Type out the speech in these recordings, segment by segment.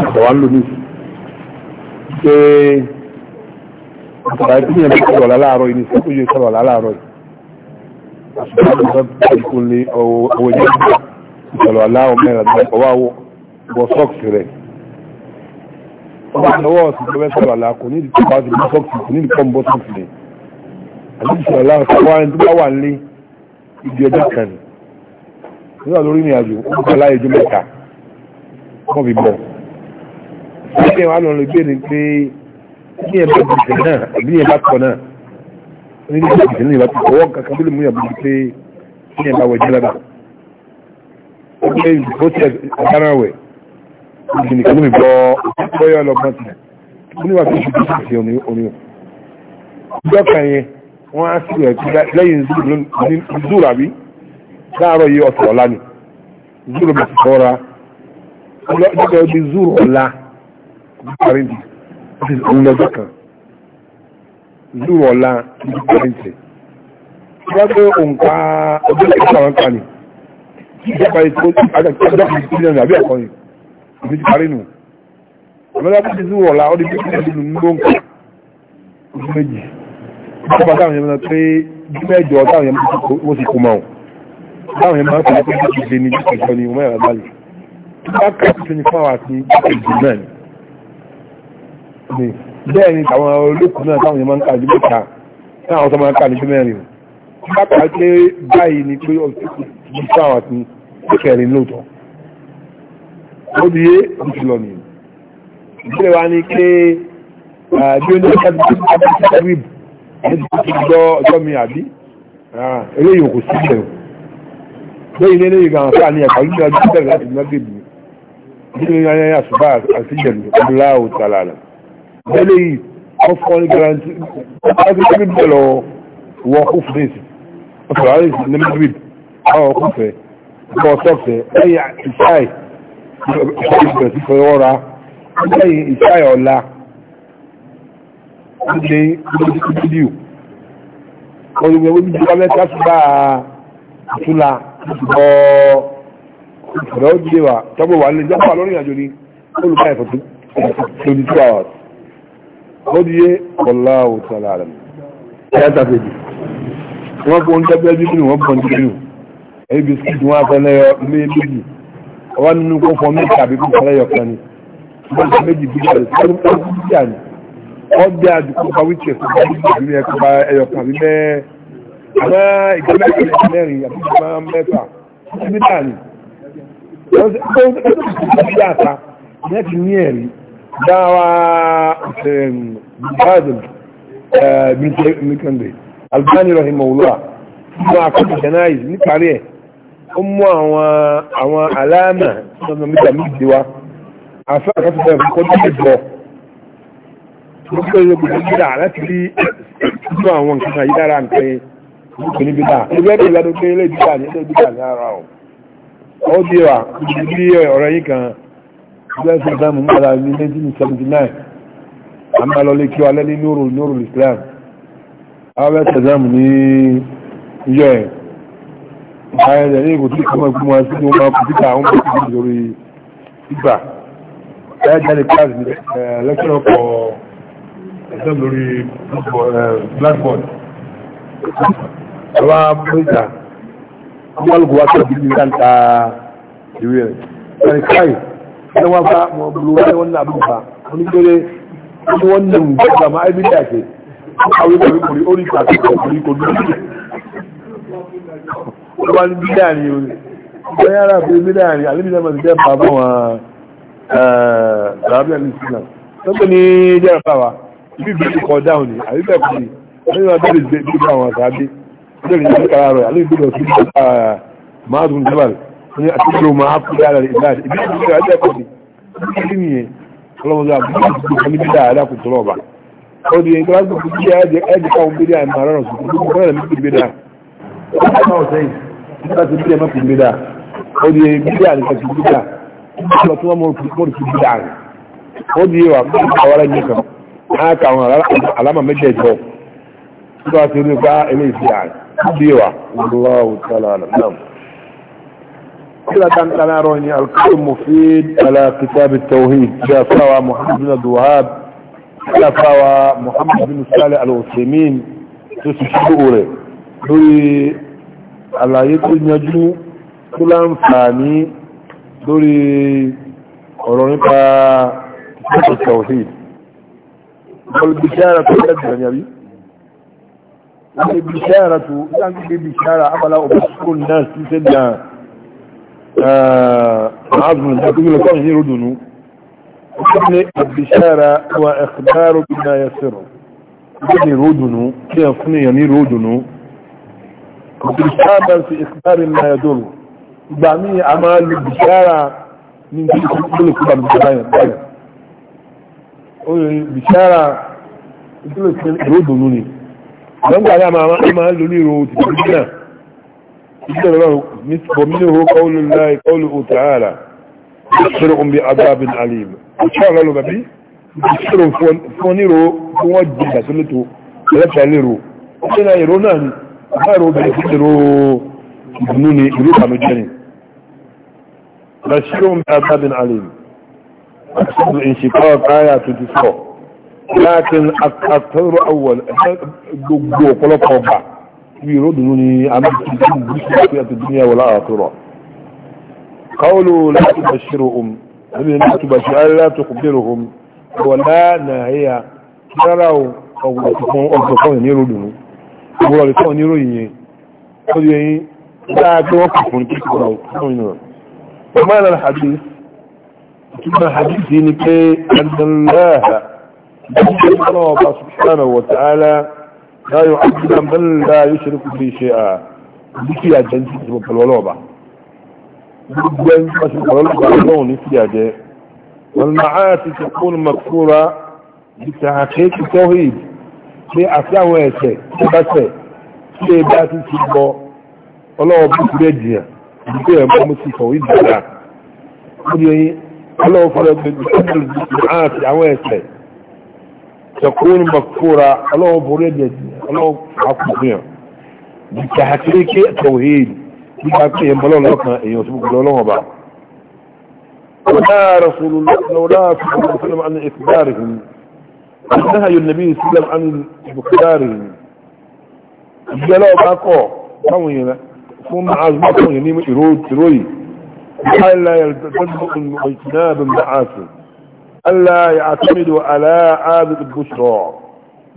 àtàwà ń lò ní ṣe àtàwà tí yẹn bá sọ̀rọ̀ láàárọ̀ yìí ní sẹ́kù yìí sọ̀rọ̀ láàárọ̀ yìí àṣùgbọ́n tó bá ikú ní owó jẹ́ ìṣọ̀rọ̀ aláwọ̀ mẹ́rin ọwọ́ wọ sọ́ọ̀kì rẹ̀ ọwọ́ àtàwọ̀ ọ̀sìn tó bẹ́ sọ̀rọ̀ àlá kò ní ìdíkọ̀ bá ti bọ́ sọ́ọ̀kì kò ní ìdíkọ̀ bọ́ ẹgbẹ́ wa lọ́nà ìbéèrè pé bí ẹ bá gbèsè náà àbí ẹ bá kọ náà ní bí gbèsè náà ìbá tó ọwọ́ kankan bí lè mú yà bíi pé bí ẹ bá wẹ̀ jẹ́lá náà ẹgbẹ́ ìbòsẹ̀ ọ̀gánáwẹ̀ ìgbìmọ̀ ìkànnì mi bọ́ bọ́yọ̀ lọ́gbọ́n tilẹ̀ ó ní wà tó ṣubú sí ìṣe oní o. ìjọ kan yẹn wọ́n á sí ẹ̀kú lẹ́yìn zúrù àbí láàárọ̀ yìí ọ̀sẹ̀ ọ̀la ni zúrù bẹ̀ parenti ọ̀sẹ̀ òun lọ́jọ́ kan zuru ọ̀la ní parenti wọ́n pé òǹkà ọdún ìjọba àwọn kan ní ìjọba ètò àjọjọ́ kan ní ìjọba àbí ẹ̀kọ́ ni òfin ti parí nù ọ̀lọ́dọ́ pé ti zuru ọ̀la ọdún ìjọba ìlú ní lóǹkà oṣù méjì ìjọba táwọn yẹn máa pé mẹ́jọ táwọn yẹn máa ti kó máa táwọn yẹn máa ń pè é pé ìdílé ní ìjọba ni wọ́n mẹ́rin àbálẹ̀ tó bá kà sí 24 hours ní ìjọba náà ni bẹ́ẹ̀ ni àwọn olókùn náà táwọn yẹn máa ń kà ní mẹ́ta náà àwọn tó máa ń kà ní bí mẹ́rin o bákan pé báyìí ni pé ọtí ti sáwọn àti kẹrin lóòótọ́ ó di yé ó ti lọ nìyí ìbéèrè wa ni pé bí ó ní ọjọ́ ti ti ti ti rí ní ti ti gbọ́ ọjọ́ mi àbí eléyìí ò kò sí ìbẹ̀rù lẹ́yìn eléyìí gan-an sáà ní ẹ̀ka ojú ọjọ́ bẹ̀rẹ̀ ayẹyẹ àṣùbà àti ìjẹ̀lú ọdún tààlà bẹ́lẹ̀ yìí ọkọ̀ ní garanti agricultural bẹ̀rẹ̀ wọ ọkọ̀ fúnẹ̀sì ọkọ̀ àrísì ní madrid àwọn ọkọ̀ fẹ́ ọkọ̀ sọ́fẹ̀ lẹ́yìn ìṣáì ọkọ̀ ìbẹ̀rẹ̀ sí fẹ́ wọ́ra lẹ́yìn ìṣáì ọ̀la ní fídíò olùgbé wọ́n ti wá mẹ́ta sí bá àtúnla bọ́ ìfọ̀rọ̀ ó dé wa tọ́gbọ̀ wà ní ìjọba lórí ìrìnàjò ni olùkọ́ ẹ̀fọ́ tó 22 hours kọ́díyé ọláwò tọ́lá rẹ̀ ẹ̀ẹ́tàfẹ́jì wọ́n kò ń tẹ́gbẹ́ bíbí wọ́n kò ń tẹ́gbẹ́ nù ẹ̀yí bisikíìtì wọ́n afẹ́ lẹ́yọ méjì ọwọ́ nínú kó fọ́ méjì àbí kó fọ́ lẹ́yọ kan ni wọ́n ti méjì bí ẹ̀rẹ̀ sẹ́nu kó bí jà ní wọ́n bí àdìkú bá wíkì ẹ̀sùn bá wíkì àbí ẹ̀kọ́ bá ẹ̀yọ kan àbí mẹ́ẹ́ àmọ́ ìgbẹ́ mẹ́rin àbí ìgbẹ́ mẹ́fà ní دعوة بادل من كندي الباني رحمه الله مع كل جنايز نك عليه أمه أو علامة أنا متى مدوا أفاق أفاق كل مدوا Mọ́kànlá yóò gbìyànjú láti rí ìjọ àwọn nǹkan àyí dára ń pẹ́ ìgbìyànjú bíbá. Ẹgbẹ́ ìgbìyànjú pé ilé ìdíjà ní ilé ìdíjà ní ara ọ̀. Ó bí ìgbésẹ̀ ìdáàmú mọ́ra ní 1979 àmà lọlé kí alẹ́ ní lóòrò lóòrò Islam àwọn ẹ̀sẹ̀ ìdáàmú ní ìjọ ẹ̀ ààrẹ ní ìkòtí ìkọmọ̀ ìgbìmọ̀ wọn sí ní wọn kò títà àwọn ọmọ ìgbìmọ̀ lórí ìgbà ẹ̀ jáde kíláàsì lẹ́kṣọ̀nà kọ ẹ̀sẹ̀ lórí blackboard àwọn mẹ́ta wọ́n lùkọ́ wá sí ìdílé ìdáǹta yawa ba lura da wannan abin ba wani dare wani wannan ba ma aibin da ke a wani da kuri ori ta ta kuri ko duk wani bida ne wani ba yara bai bida ne alibi da masu jan baba wa rabia lisina saboda ne jarabawa ibi bi ko down ne alibi da kuri alibi da kuri zai bi ba wa sabi da ne ya kara ní àtúntò máa kú dára ìbáàdì ìbí ìbí ìbí àjẹ́ kọ́ni kí ni ọlọ́mọdé àbúrò àti ìbí ìbí dára kò tọrọ ọba ó di ẹgbẹ́ láti kú bí ẹ̀jẹ̀ ẹ̀jẹ̀ káwọn bí dáa máa rọrùn sùn kí wọ́n rẹ̀ mí bí dáa ó ti máa sẹ́yìn nígbà tí bí ẹ̀mọ́ kò bí dáa ó di bí dáa nìkan ti bí dáa lọ tí wọ́n mọ̀ kí bí dáa rẹ̀ ó di ẹwà bí àwọn ará nìkan á ka àwọn alámà méjèèjọ nígbà tí ó ní ká ẹlẹ́yìí bí كلا كان تناروني الكتب مفيد على كتاب التوحيد شافاوى محمد بن الوهاب شافاوى محمد بن صالح الوسيمين تسشبوره lórí àlàyé tó yanjú tó láǹfààní lórí ọ̀rọ̀ nípa ìpínlẹ̀ tawhid olùbìṣára tó lẹ́gbẹ̀rẹ̀ yàrí wọ́n lè bìṣára tó láti gbé bìṣára abala òbúsùkú náà sí sẹ́dàn عظم تقول لك أنه ردنه ابن البشارة وإخبار بما يسره ابن ردنه كيفني يعني ردنه بالشامل في إخبار ما يدره بعمي أعمال البشارة من كل كبار بشارة بشارة ردنه لن قال يا ماما أعمال لني ردنه إذن له ومنه قول الله قوله تعالى بشرهم بعذاب عليم له ببي بشرهم فونيرو فوجه سلطه ثلاثة ليرو أنا يرونان أخاروا بلفتروا ابنوني إلوكا مجاني بشرهم بعذاب عليم أقصد الانشقاق آية 24 لكن أكثر أول أقول قلوب في ردني عن الدنيا في الدنيا ولا آخرة قولوا لا تبشروا أم لا تبشروا لا تخبرهم ولا نهي كرروا أو لتفون أو لتفون يردون أو لتفون يردون قد يهي لا او كرروا وما لنا الحديث كما حديثي لكي أن الله سبحانه وتعالى na-adọba a aa iea eiehie aie ae e a ea ọlọ́wọ́ àfihàn nípa àkéréké tọ̀wéèd nípa pé èèyàn bọ́lọ́ lọ́kàn èèyàn tó gbogbo ọlọ́wọ́n bá ولا رسول الله لولا صلى الله عليه وسلم عن إخبارهم نهي النبي صلى الله عليه وسلم عن إخبارهم ìgbẹ́lẹ́ ọba kọ̀ táwọn èèyàn fún máàzùmọ́ fún èèyàn ní ìròyì aláyà tẹ́lẹ̀kùn ìtìnàbìn ma'áṣì aláyà àtúnmìdò aláàbìdì bushra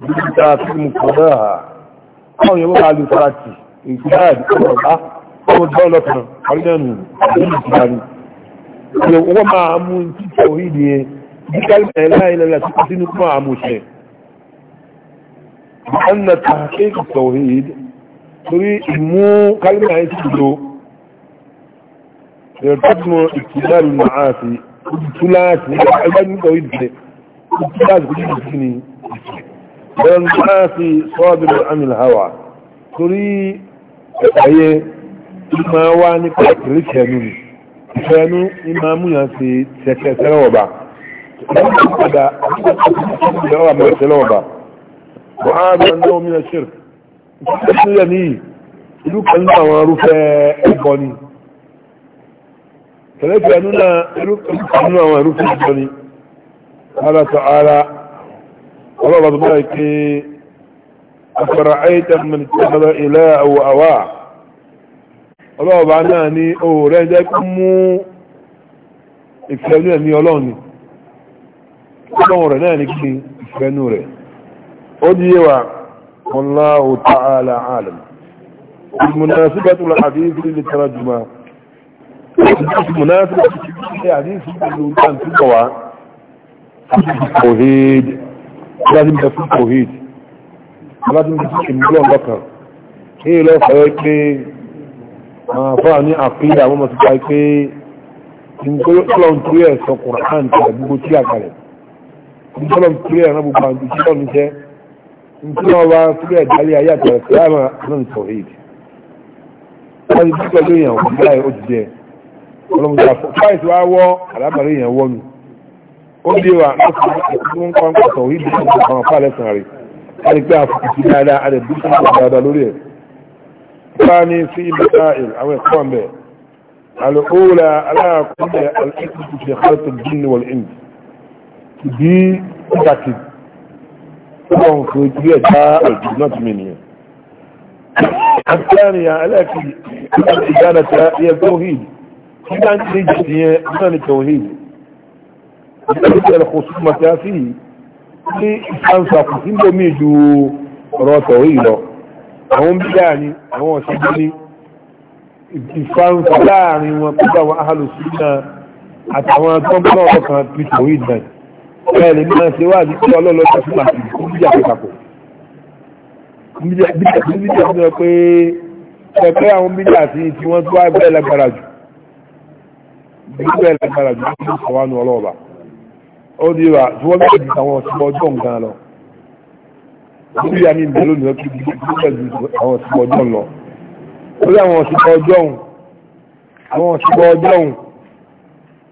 bíbítà fíìmù kọ̀dáà àwọn yẹn wọ́n máa lu farati ìgbà ìdíkọ̀ ọ̀gá ọmọ dọ́ọ̀lọ́ kan àrídẹ́nu ìlú ìgbàni wọ́n máa mú títẹ̀ orí ni ẹ díkàlì ẹ̀lá ilẹ̀ rẹ̀ títí sínú fún àmúṣẹ ọ̀nà tàkíkì tọ̀rí torí ìmú kálímà ẹ̀ sí ìlò ìrọ̀tọ́tùmọ̀ ìtìláàrí máa fi ìtìláàrí nígbà ẹgbẹ́ nígbà ìdílẹ̀ ìtìláàrí kò bẹ́ẹ̀ ní láti sọ́ọ̀bìnrin amìlàwà torí ẹ̀fàyẹ ìmọ̀ wá nípa ìkìrí kẹnu ni ìfẹ́nu ìmọ̀ múyàn sí tẹ̀kẹ̀ tẹ́lẹ̀wọ̀bà ìlú kan ní àwọn arúfẹ́ ẹ̀bọ ni tẹ̀lẹ́fẹ̀ẹ́ nínú àwọn arúfẹ́ ẹ̀bọ ni Allah ta'ala ọlọ́run tó bára pé afẹ́ra àìtẹ́ mẹ́tẹ́lẹ́ ilẹ̀ àwọ̀ àwà ọlọ́run bá náà ní oòrẹ́ jẹ́ kí mú ìfẹ́lú ẹ̀mí ọlọ́run ni ọlọ́run rẹ̀ náà ní kí ìfẹ́nú rẹ̀ ó di yé wa wallahu ta'ala alam المناسبة الحديث للترجمة المناسبة الحديث للترجمة التوحيد láti bẹ fún covid láti bẹ fún ìmúlò ọlọ́kan ní ilé ọ̀fẹ́ pé àwọn afọ́nà ní àpílẹ̀ àwọn ọmọ pé ìgbọ́lọ́n a kalẹ̀ ìgbọ́lọ́n torí ẹ̀ ránbù bá ju sílọ̀ níṣẹ́ nítorí wa torí ẹ̀ dálé ayé àtẹ̀rẹ̀ sí àmà náà sọ èdè wọ́n ti bí pẹ̀lú èèyàn wọ́n ti jẹ́ ọlọ́mọdé àfọ́ fáìsì wá wọ́ àlámàrí èèyàn wọ́nu ó dé wa ní kọ́ pàtó yìí bí wọ́n kàn fà lẹ́sàn rẹ̀ a lè pé àfòkùsí dáadáa a lè bí wọ́n kàn dáadáa lórí ẹ̀. bá ní sí ibi sáàìl àwọn ẹ̀kọ́ ọ̀bẹ alùpùpùlà aláàkúnlẹ̀ alẹ́kùnkù fi xartó jìn wọ̀l ìn bí pàtàkì wọ́n fi ojú ẹ̀ ìgbàlódé alkhusuma tí a fi ní ìfànsà kò sí lómi ju ọ̀rọ̀ tọ̀wé yìí lọ àwọn bídà ni àwọn ọ̀ṣẹ́jú ní ìfànsà láàrin wọn pẹ̀lú àwọn ahàlùsúnà àtàwọn agbọ́nbọ́n ọ̀rọ̀ kan ti tọ̀wé ìdàn bẹ́ẹ̀ ni máa ṣe wá àdúgbò ọlọ́lọ́dún fún àti ìkúndíjà tó papọ̀ bídà tó bídà tó yẹ pé ẹgbẹ́ àwọn bídà àti tí wọ́n tó wá bẹ́ẹ̀ lágbára jù bẹ́ẹ̀ lágbára ní ìṣọ̀wánu ọlọ́ọ̀bà ó di wa tí wọ́n bẹ̀rẹ̀ àwọn ọ̀sìn ọjọ́ nǹkan lọ lórí àmì ìbẹ̀rẹ̀ lónìí ọkì bí wọ́n bẹ̀rẹ̀ àwọn ọ̀sìn ọjọ́ lọ lórí àwọn ọ̀sìn ọjọ́ òun àwọn ọ̀sìn ọjọ́ òun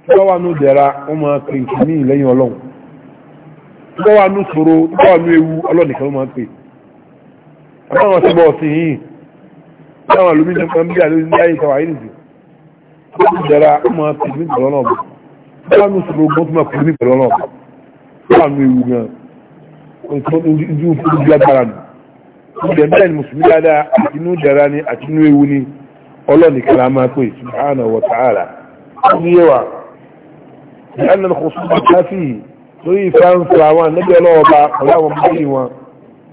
tí wọ́n wà ní ìdẹ̀ra wọ́n máa pè nǹkan ní ìlẹ́yìn ọlọ́run tí wọ́n wà ní ìṣòro tí wọ́n wà ní ewu ọlọ́nìkan máa pè àwọn ọ̀sìn ọ̀sìn yìí láwọn àlùmíjọ máa ń bí àlóyún báwọn sọ̀rọ̀ ogun tó máa kú ní pẹ̀lú ọlọ́ọ̀bà báwọn ewu gan ojú fún ojú agbára nù ìdẹ̀ bẹ́ẹ̀ ni mùsùlùmí dáadáa àti inú dára ni àti inú ewu ni ọlọ́ọ̀nì kala máa pè subhanahu wa ta'ala ọdún yẹwà ní àná kò sún bá káfí lórí ìfáǹfà wọn níbi ọlọ́ọ̀bà pẹ̀lú àwọn mọ́lì wọn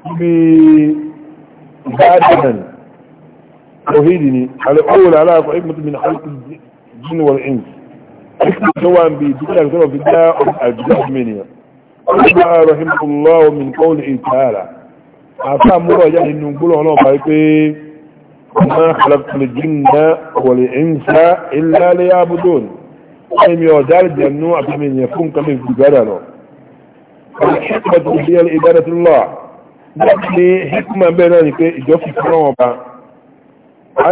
níbi ìbáàdàn tòhídì ni alẹ́ ọ̀wọ̀lẹ̀ aláàfọ̀ ìgbìmọ̀ tó mi nà هو بيدخل كتابه في الداء أو منها قال رحمه الله من قوله تعالى عفام مراجع انه نقول هنا بايكي ما خلقت الجن والانس الا ليعبدون أيم يودال جنوع بمن يكون كمن في جلاله الحكمة هي لإدارة الله نحن حكمة بين ذلك يجوف كنوبة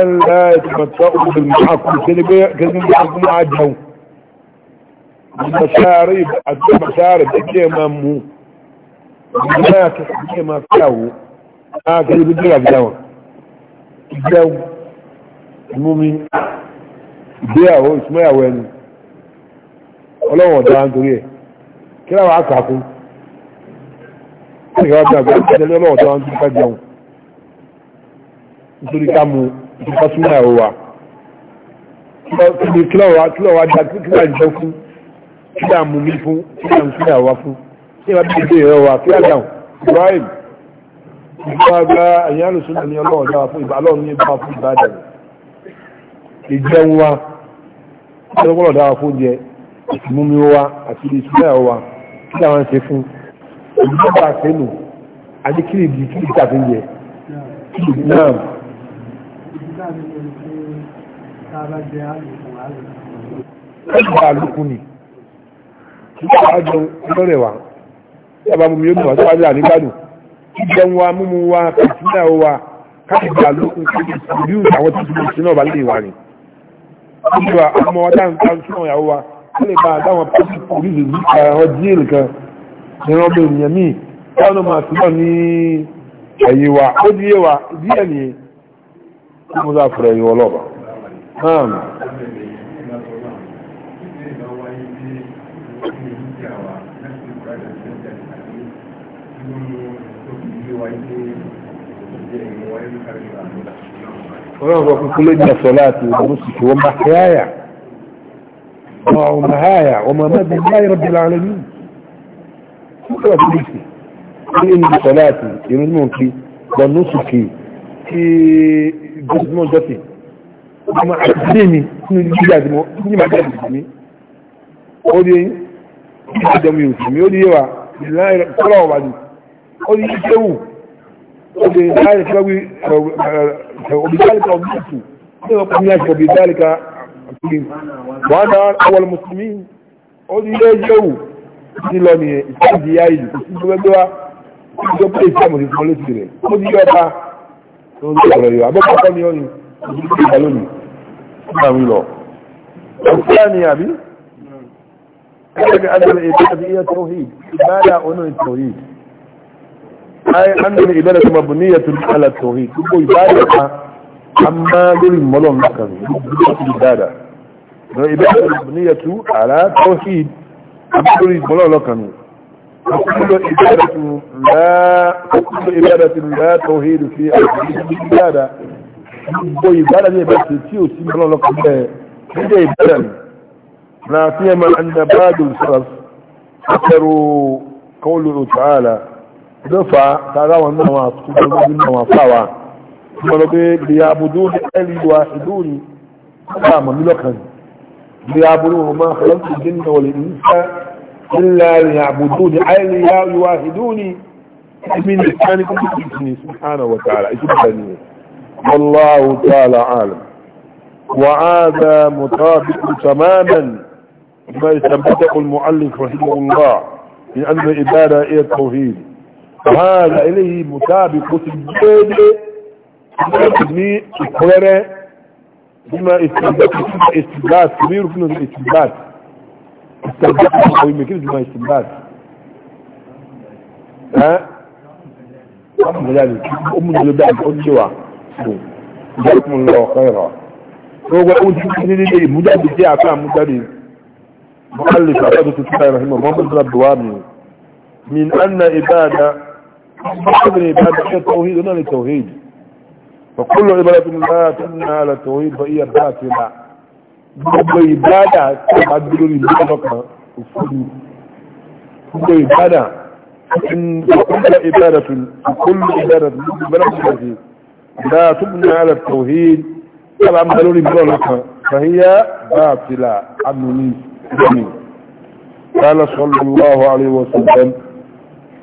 أن لا يتمتعوا بالمعاكم كذلك يجب أن يكون معاجهم المشارب المشارب كما مو هناك كما كاو هذا اللي بدي اقداه جو المؤمن بيعه اسمه وين ọlọ́wọ̀n dára ń torí ẹ̀ kí láwọn àkàkún ẹgbẹ̀rẹ̀ ọjọ́ àgbà ìjẹlẹ̀ ọlọ́wọ̀n dára ń torí kájẹun nítorí ká mú ìtúkọ́ súnmọ́ ẹ̀rọ wa kí lọ́wọ́ dá kí láwọn jẹun fún kí là ń mú mi fún kí là ń kí àwa fún kí là ń bí ìbéèrè wa kí là dáhùn Ibrahim ìgbàgbà ẹ̀yìn alùsùn náà ní ọlọ́run dáwà fún ìbá ọlọ́run ní ìbá fún ìbá dẹ̀ ìjẹun wa ọlọ́run dáwà fún jẹ ìmúmi wa àti ìsúná wa kí làwọn ṣe fún ìjọba àṣẹnu àti kí ìdí kí ìta fi jẹ kí ìdí náà. ẹgbẹ́ àlùkù ni nígbà àjọ ìlọ́rẹ̀ wa tí a bá mú mi ó mú wa tó wá dà nígbàdùn jíjẹun wa mímu wa kàtúndà wa káàkiri àlókun káàkiri ìlú àwọn tó ti mú sí náà bá lè wà ní. wọ́n wá ọmọ wa dáhùn ká ń súnmọ́ ìyàwó wa wọ́n lè bá àdáwọn pẹ́ẹ́sì pòlíṣì àwọn díìlì kan ìran ọmọ ènìyàn míì táwọn ọmọ àtúntàn ní ẹ̀yìn wa ó díẹ̀ wa díẹ̀ nìyẹn kí mo sá fọ̀rọ̀ ẹ̀yìn ọlọ́ọ̀bà. ونظر في كل صلاتي ونسكي ومحياي ومهايا وممات الله رب العالمين كل ذلك قل إن صلاتي ينزمونك ونسكي في جسم جسي وما أحسيني كل الجزاء دمو كل ما أحسيني قولي أحسيني قولي يوسمي قولي يوسمي ìlànà ìrọ̀kọ́lọ̀ wà ní ó ní ìṣẹ́wù ó lè láì fẹ́wí ọ̀bìdálìkà ọ̀bìdìtù ní ọ̀pọ̀ ní àṣẹ ọ̀bìdálìkà àkílì wọ́n dá àwọn mùsùlùmí ó ní ilé ìṣẹ́wù ti lọ ní ìṣẹ́jì ayé kò sí gbogbo wa ó ti pé ìṣẹ́ àmọ̀tí fún létí rẹ̀ ó ní yọta tó ń sọ̀rọ̀ yọ abọ́kọ̀ọ́kọ́ ni ó ní ìṣẹ́ ìgbàlónì ó يعني أن الإبادة هي التوحيد إبادة أنه التوحيد أي أن الإبادة مبنية على التوحيد كل إبادة أما للملون لكن الإبادة الإبادة مبنية على التوحيد أما للملون لكن وكل إبادة لا وكل إبادة لا توحيد في الإبادة كل إبادة بس تيو سيملون لكن هي إبادة لا سيما أن بعض السلف ذكروا قوله تعالى دفع تعالى والنواص كل النواص ثم لقيت ليعبدون ألي واحدون قام ملكا ليعبدون ما خلقت الجن والإنس إلا ليعبدون ألي واحدون من لسانكم بإذنه سبحانه وتعالى إذنه والله تعالى عالم وعاد مطابق تماما ما يثبته المؤلف رحمه الله من أن العبادة إلى التوحيد هذا إليه مطابق سجد إقرار بما استنبات استنبات كبير في الاستنبات استنبات قوي يمكن بما استنبات ها أم ذلك أم الله خيرا هو كان مؤلف عبادة الله رحمه محمد بن عبد من أن عبادة فقدر عبادة هي التوحيد هنا للتوهيد فكل عبادة لا تنهى على التوحيد فهي باطلة كل عبادة تعدل لبقى وفضل كل عبادة إن كل عبادة كل عبادة بلغتك لا تبنى على التوحيد فالعمل لبقى فهي باطلة عمليه قال صلى الله عليه وسلم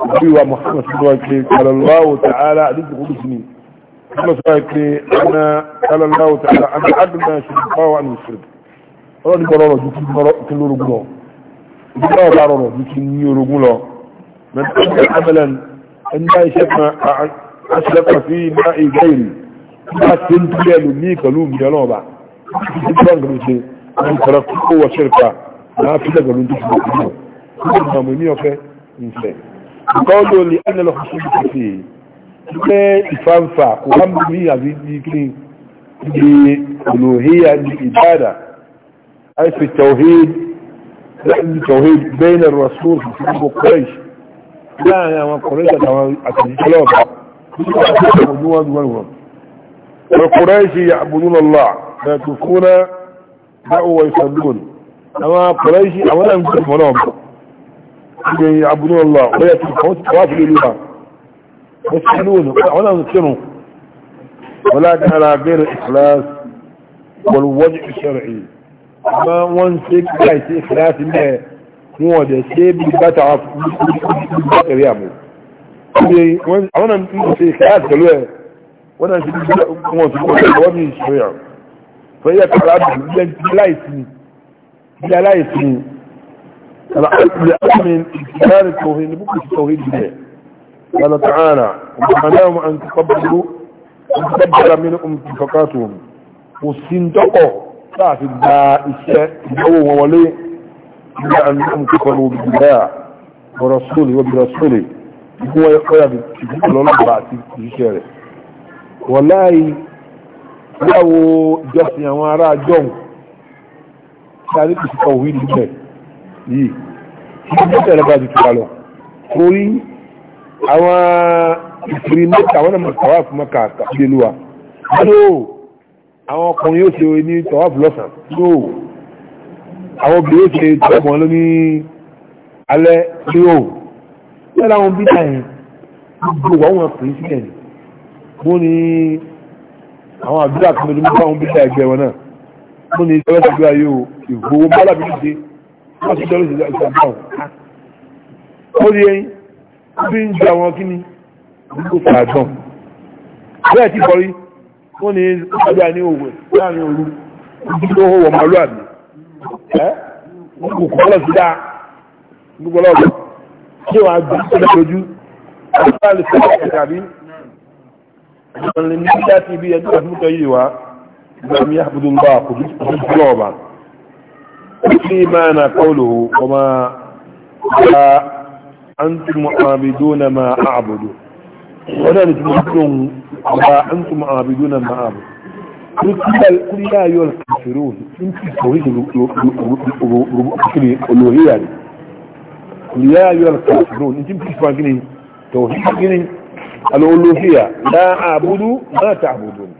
هو محمد صلى الله عليه وسلم قال الله تعالى عليك قدسني محمد صلى الله عليه وسلم أنا قال الله تعالى أنا أدنى شرقاء وأنا مشرب ọlọ́ni bọ̀rọ̀ ọ̀rọ̀ ju kí bọ̀rọ̀ kí ló rogun lọ ibi náà bá rọrọ̀ ju kí ní orogun lọ mẹ́tẹ́lẹ̀ amẹ́lẹ́n ẹni bá iṣẹ́ kan aṣẹ́kọ̀ sí iná ìgbẹ́yìn nígbà tí ó ń túlẹ̀ lò ní ìkọlù mi ọlọ́ọ̀bà kí ló ń gbọ́n gbọ́n ṣe àwọn ìkọlù kókó wọ ṣẹ́rìkà ما في لغة من دخل كل ما يوفى نفى قولوا لي أنا لو خصوصي فيه لا يفنفع وهم لي هذه كلين بالألوهية للإبادة أي في التوحيد لأن التوحيد بين الرسول في سبب قريش لا أنا ما قريش أتجلوك يعبدون منهم وقريش يعبدون الله لا يتركون دعوا ويصلون àwọn pọ̀lẹ́ṣì àwọn náà ń tẹ́ fọ́nà ọ̀pọ̀ ìgbè àbúrú ọlọ́ ọ̀yẹ́ tí wọ́n ti wá fún ìlúwà wọ́n ti ní òun àwọn náà ń kírun wọ́n lágbára bẹ̀rẹ̀ ìkìláàsì wọlúwọ́jú ìṣẹ̀rẹ̀ yìí àmọ́ wọ́n ń ṣe kíkà ìṣe ìkìláàsì mẹ́ wọn ọ̀dẹ̀ ṣe bí bí aláìsí الأمن إجلال التوهيد بكل التوهيد به قال تعالى ومعناهم أن تقبلوا أن تقبل منهم انتفاقاتهم والسندقوا تعرف الدائسة الجو وولي إلا أنهم كفروا بالله ورسوله وبرسوله هو يقول يقول الله بعد الشارع والله لو جسنا وراء جنب sáré kò sí kọ̀wé níbẹ̀ yìí kí ló tẹ̀lé bá ti tura lọ torí àwọn ìfiri mẹ́ta wọn náà tọ́wá fún mẹ́ka àbílẹ̀lúwa ló àwọn ọkùnrin yóò ṣe ní tọ́wá fún lọ́sàn ló àwọn obìnrin yóò ṣe tọ́wá fún wọn ló ní alẹ́ ló yẹ́n láwọn bí táyìn gbogbo àwọn wọn pèé sílẹ̀ ni mo ní àwọn àdúrà kan lójú mọ́ àwọn bí táyìn ẹgbẹ́ wọn náà mo ní ìṣẹ́wẹ́sẹ̀ gbé ayé o ìgbòho bọ́lá bí ṣe wọ́n ti dọ́rọ̀ ìṣẹ̀lẹ̀ ìṣàbá ọ̀ ó rí ẹyin bí ń jẹ àwọn kíni nígbò fàájọ́n bẹ́ẹ̀ ti kọrí wọ́n ní ọjà ní òwe láàrin òru ojú tó hó wọ̀ máa lọ àmì ẹ́ wọ́n kò kọ́ lọ sí dáa gbogbo lọ́wọ́ ṣé wàá gbé ìṣẹ̀lẹ̀ lójú àbúrò àlè fẹ́ ọ̀kẹ́ tàbí ìṣẹ̀lẹ̀ ní bí dá sí ibi ẹjọ́ àfihàn yìí wá ìgbà mi àbúrò ń bá àkójú ọ̀bà في معنى قوله وما أنتم عابدون ما أعبد ولا نتمنون وما أنتم عابدون ما أعبد قل يا أيها الكافرون أنت توحيد الألوهية قل يا أيها الكافرون أنت بتسمع توحيد الألوهية لا أعبد ما تعبدون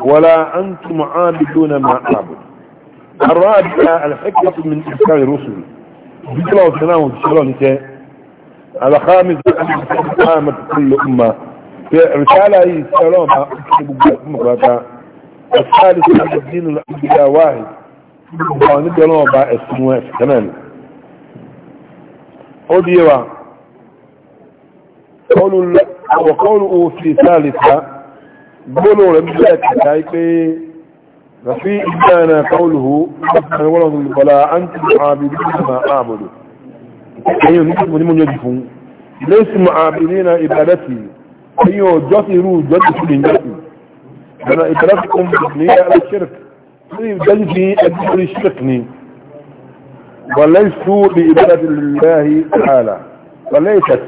ولا أنتم عابدون ما أعبد الرابعة الحكمة من إسلام الرسل ذكرى وسلام وتشغلوا نتاء الخامس أمة كل أمة رسالة السلام الثالث أن الدين الأنبياء واحد ونبي الله بقى اسمه كمان أوديوا قولوا وقولوا في ثالثة قولوا لم يكن ففي إجانا قوله أنا ولد ولا أنت عابدين ما أعبد أيها نجد من يجفون ليس معابدين عبادتي أيها جثروا جثروا من جثروا أنا إدركتكم بنية على الشرك جثروا أجثري شركني وليسوا لإبادة الله تعالى وليست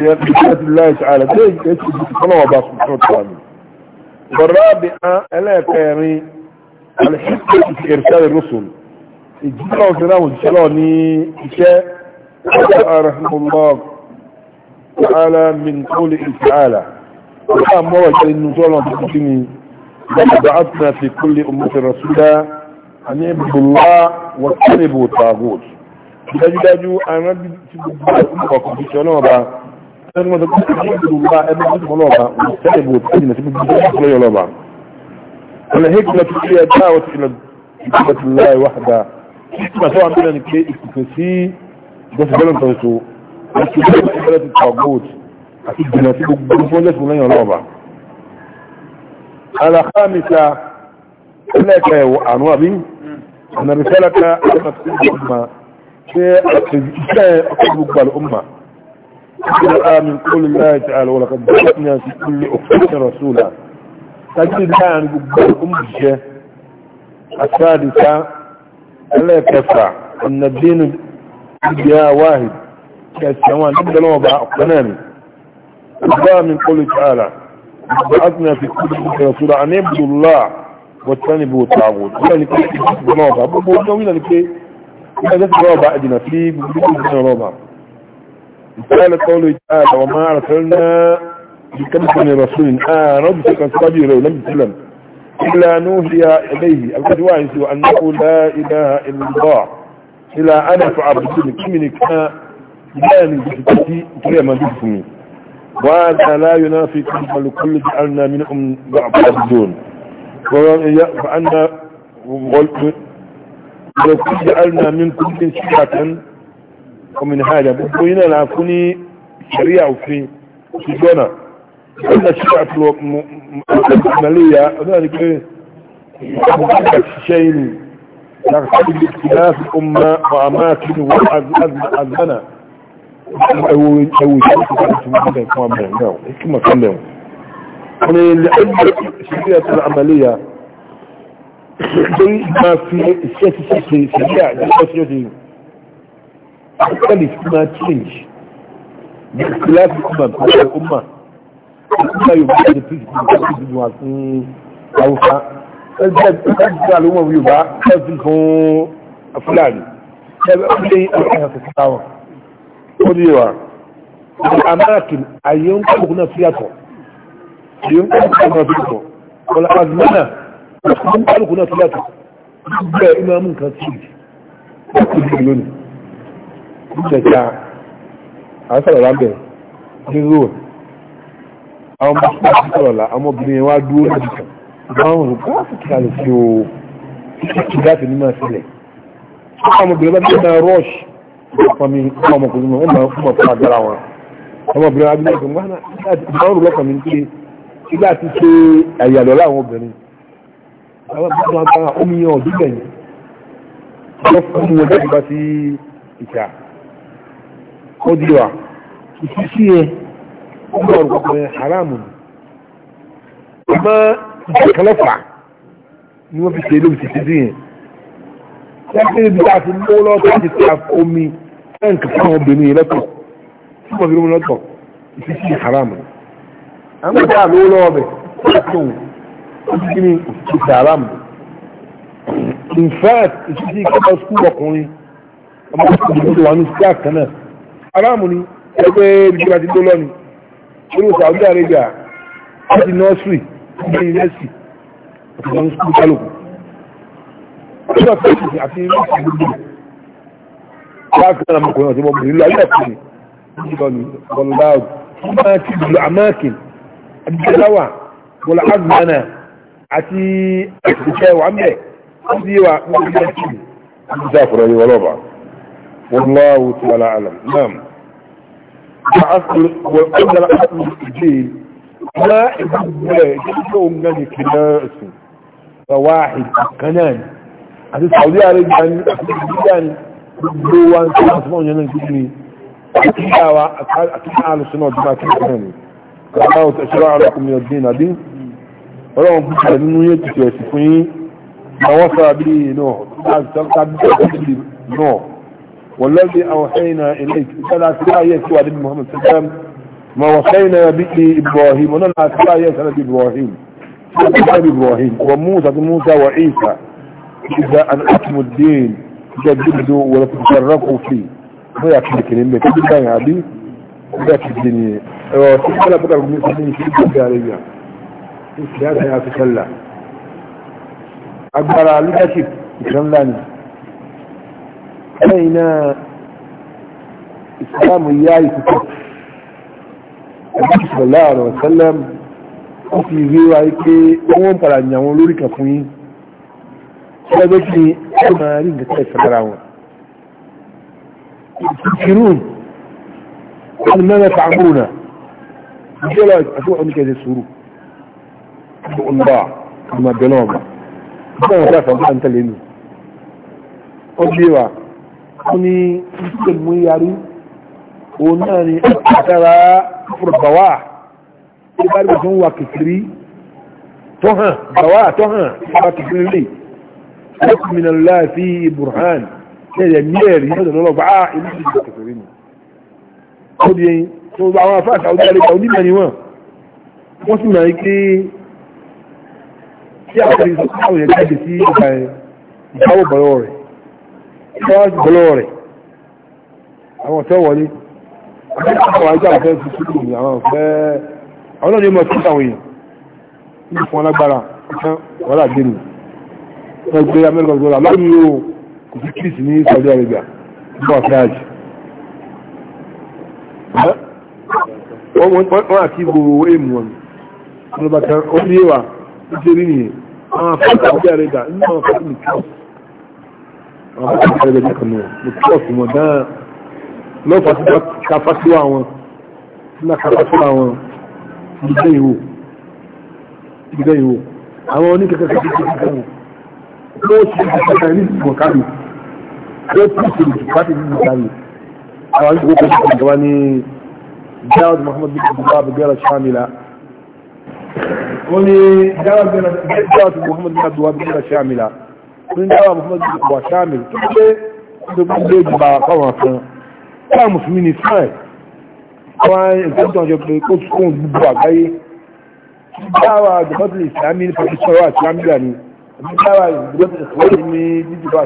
لإبادة الله تعالى ليس لإبادة الله سبحانه وتعالى والرابعة ألا كامي alhikmatu fi irsal rusul ìjìnlẹ̀ ọ̀sẹ̀ náà wò jíṣẹ́ náà ní iṣẹ́ rahimahullah ta'ala min qawli ta'ala wọ́n á mọ́rọ̀ jẹ́ inú tó lọ́nà ni بعثنا في كل أمة رسولا أن يعبدوا الله واجتنبوا الطاغوت dájúdájú arábí ti gbogbo ọkọ̀ fi ṣọ́nà ọba ẹgbẹ́ mọ́ta kí ó ṣe ìgbèrú bá ẹgbẹ́ mọ́ta ọlọ́ọ̀bá òṣèlú ìbò tí ó jìnà sí والهجمة هي دعوة إلى عبادة الله وحده ما سوى عندنا نكلي اكتفاسي بس بلن تنسو بس بلن إبادة التعبوت أكيد بناسيب بلن جاس ملين الرابع على خامسة لك عنوابي أن رسالة أمة الأمة أقربك الأمة من قول الله تعالى ولقد جاءنا في كل أخرى رسولا tajiri láàrin gbogbo ọmọdé asáàdìta ẹlẹ́ẹ̀kẹfà ọ̀nàdínú ìgbìyà wáhid kẹsì àwọn àdúgbòlọ́wọ́ba ọ̀pẹ́nà ni ọgbà mi kọlu tààrà ببعثنا في كل رسول عن عبد الله واجتنبوا الطاغوت يعني كيف رابع بقول لنا كيف إذا رابع أدنا في بقول رابع قال قوله تعالى وما أرسلنا بكلمة من رسول آرد آه، كان صغير ولم يسلم إلا نوهي إليه القدواعي سوى أنه لا إله إلا الله إلا أنا فعبدوني كمني كان جاني بفتتي كما بفهمي وهذا لا ينافي كلمة لكل جعلنا منهم بعض الدون فأنا ولكل جعلنا من كل شيعة ومن هذا بقينا لأكوني شريعة في سجنة أن الشيعة العملية ذلك مجرد شيئين يرتبط باختلاف الأمة وأماكن وأذنة الشريعة العملية ما في السياسة الشريعة الأسرية تختلف ما تشينج باختلاف الأمم الأمة nígbà yorùbá ṣe pdp ṣe pdp wà fún haúsá ẹgbẹ́ ẹgbẹ́ àlùmọ̀ yorùbá ṣẹ́ẹ̀tì fún fúlàní ẹgbẹ́ ọ̀lẹ́ ẹ̀ẹ́dẹ̀ẹ́sẹ̀ fún táwọn ó ní wa amẹ́rẹ̀kìn àyè ń kọ́ náà sí yàtọ̀ àyè ń kọ́ náà sí yàtọ̀ ọ̀là azmana ń kọ́ náà sí yàtọ̀ bẹ́ẹ̀ iná mú nǹkan sí ìdí ọkùnrin ìdí lónìí ìjẹta àṣàlọ̀ lábẹ́ ní róòlù àwọn bá ti sọ̀rọ̀ la ọmọbìnrin yẹn wá dúró lójú kan báwọn rò kó láti ah, kí a lè fi o kí láti ní máa sílẹ̀ àwọn ọmọbìnrin bá ti sọ̀rọ̀ rush ọmọkùnrin náà ọmọkùnrin náà wọ́n máa fún agbára wọn ọmọbìnrin abúlé kan wọn náà rò lọ́kàn mi pé nígbà tí ṣe àyàlọ́ láwọn obìnrin àwọn bá wọn bá omi yan ọdún gbẹ̀yìn wọ́n fún wọn jáde bá sí ìta ó di wa ìfisí yẹn ọmọ ọ̀rùkọ̀ yẹn haramu ọmọ ìjọkẹlẹ́fà ni wọ́n fi ṣe ilé òṣìṣẹ́ sí yẹn ṣẹ́kẹ́ ibi tá a ti mú lọ́tọ̀ láti ta omi tẹ́ǹkì fún obìnrin lọ́tọ̀ tí wọ́n fi mú lọ́tọ̀ ìṣiṣẹ́ haramu àwọn ìjà ló lọ́wọ́ bẹ̀ tó kí ni òṣìṣẹ́ haramu in fact ìṣiṣẹ́ ìkọ́kọ́ skúl ọkùnrin ọmọ ìṣiṣẹ́ ìṣiṣẹ́ wà ní skúl àkànnà haramu ni ẹgbẹ́ ibi tí wọ́n ti gbó lọ́ni orí Saudi Arabia láti nursery ní yunifásitì àti ìjọba sukùl kálukú ọjọ́ fẹ́ẹ̀sì àti yunifásitì gbogbo láàkàn àmọ̀kùnrin ọ̀sẹ̀ bọ́ọ̀bù nílò ayé ọ̀sẹ̀ ní bọ́ọ̀lù bọ́ọ̀lù láàrù wọ́n máa ti lù àmáàkì àdìjẹ́láwà bọ́ọ̀lù àgbàna àti ìṣẹ́ wà mẹ́ wọ́n ti yé wa wọ́n ti yé wa kí ni. wọ́n ti sá àfọ̀rọ̀ yìí wọ́n lọ́ba wọ́n lọ́wọ́ tó wà láàlám náà. وعقل وقدر عقل الجيل ما يقول جيلهم قال كناس فواحد كنان هذه السعودية عليها يعني بلوان كناس ما ينان كني أكيد أهل السنة والجماعة كناني كناو تأشراع لكم من الدين دين ولهم بكرة منه يتسوى سفين ما وصى به نوح تلقى بكرة نوح والذي أوحينا إليك فلا تلاقي سوى محمد صلى الله ما وصينا به إبراهيم ونلا تلاقي سنة إبراهيم سنة إبراهيم وموسى موسى وعيسى إذا أن أتموا الدين جددوا ولا تتشركوا فيه ما يكفي كلمة كلمة يا أبي ما يكفي الدنيا وتتكلم بقى من سنين في الجارية السياسة يا تكلم أكبر على الكشف كلام لاني lẹ́yìn náà ìsìláàmù yá ìkùkù ìbísọ̀lá ọ̀rọ̀ sẹ́lẹ̀m ó fi rí wa pé wọ́n padà yàn wọn lórí kan fún yín ṣẹ́gbẹ́ tí ó máa rí nǹkan tẹ́ ìsọ̀lára wọn ìkìrún wọn mẹ́rẹ̀ fàámù náà ìjọba àti wọn kẹ́ sùúrù ọ̀nà ọmọ bẹ̀rẹ̀ ní ìtìlẹ̀ mú yarí òun náà ni àtàrà fúrùbàwà tí bá rí tó ń wà kìkìrí tó hàn bàwà tó hàn wà kìkìrí lè lọ́kùn mi náà láti burhan ní ẹ̀yẹ ní ẹ̀rí náà lọ́lọ́ bá inú ti jẹ́ kìkìrí ni ó di ẹyin tó bá àwọn afáàtà ojú àlejò onímọ̀ ni wọ́n wọ́n sì máa ń ké tí àwọn ìsọ̀kọ̀ yẹn jáde sí ìgbà ìgbàwọ̀ bọ̀rọ̀ rẹ̀ wọ́n gbọ́lọ́ rẹ̀ ni mọ̀ títà àwọn èèyàn fún alágbára ni gbé amẹ́ríkà gbọ́lọ́ aláàbí yóò kò sí kírísì ní Saudi Arabia bọ́ ọ̀fẹ́ wọ́n àti gbogbo èèmù wọn ó ní ìwà àwọn bá ti ẹgbẹ́ kan nù mo tí ọ̀sùn wọn dáa lọ́fà tí ká fásitì wà wọn tí ká fásitì wà wọn ìgbẹ́ ìwò ìgbẹ́ ìwò àwọn oníkẹ́kẹ́ kẹ́kẹ́ kẹ́kẹ́ kẹ́kẹ́ wọn ó ti ṣe kẹ́kẹ́ ní ìgbọ̀n kárí ó ti ṣe ìgbàtí ní ìgbàrí àwọn ìgbò kò sí ìjọba ní jáwọ́d Muhammad bin abdullahi abdullahi shamila wọ́n ni jáwọ́d ní dáwà muhammadu buhari tó pé gbogbo ìjọba àpáwọn kan káà mùsùlùmí ní sáì wọ́n nǹkan tó ń jọ pé kó tún gbogbo àgbáyé dáwà dùmọ́tìlì ìsìlámì ní pakistan àti amílà ni dáwà dùmọ́tìlì ìsìlámì ní jíjọba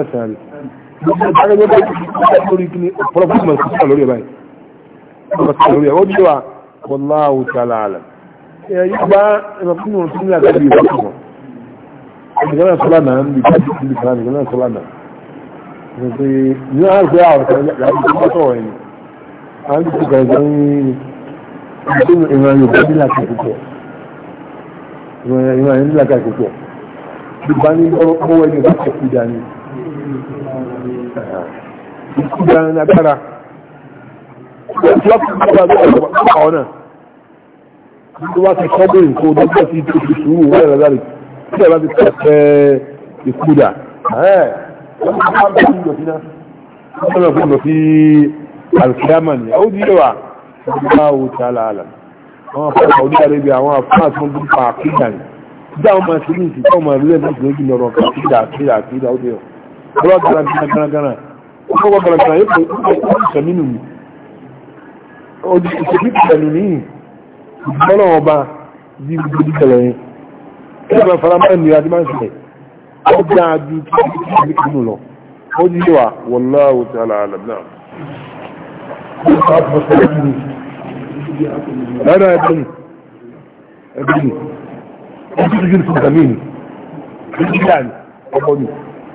àti gbogbo bá lórí kí ni ọ̀pọ̀lọpọ̀ ìmọ̀ sí sọ̀rọ̀ lórí ẹ̀ báyìí ọ̀pọ̀ sọ̀rọ̀ lórí ẹ̀ ó bí wa wallahu ta'ala alam ẹ̀ yóò bá ẹ̀mọ̀ fún ìwọ̀n fún ìlàgbà bí ìwọ̀n fún ìgbà náà sọ́lá náà ń bí ká títí bí sọ́lá náà sọ́lá náà ní pé ní àwọn àgbẹ̀ àwọn ọ̀sán láti fi mọ́tò ọ̀rọ̀ yìí à ń tètè kàn sọ ní ìran Yorùbá nílà kàkùkọ̀ ìran Yorùbá nílà kàkùkọ̀ Yorùbá ní ọwọ́ ẹni bá kẹ̀kú dání ìkúdà ní agbára ìkúdà ọ̀nà fún ọ̀nà fi alkiyama ni ó di yíwa báwo tí a láàlá àwọn afọ́ saudi arabia àwọn afọ́ àtún bí pa àkídà ni dáwọn máa ṣe ní ìsìnkọ́ máa rí ẹ̀ ní ìsìnkọ́ ìgbìyànjú ọ̀rọ̀ àkídà àkídà àkídà ó di yíwa ọlọ́ garagara ọkọ̀ garagara yóò kọ́ ìṣẹ̀mínú mi ọdún ìṣẹ̀mínú ní ìgbọ́nà ọba bí i gbogbo ìṣẹ̀lẹ̀ yẹn kí ẹ̀rọ faramá ẹ̀mí adé máa ń ṣẹlẹ̀ ó bí a ju kí ìṣẹ̀mínú lọ ó di yíwa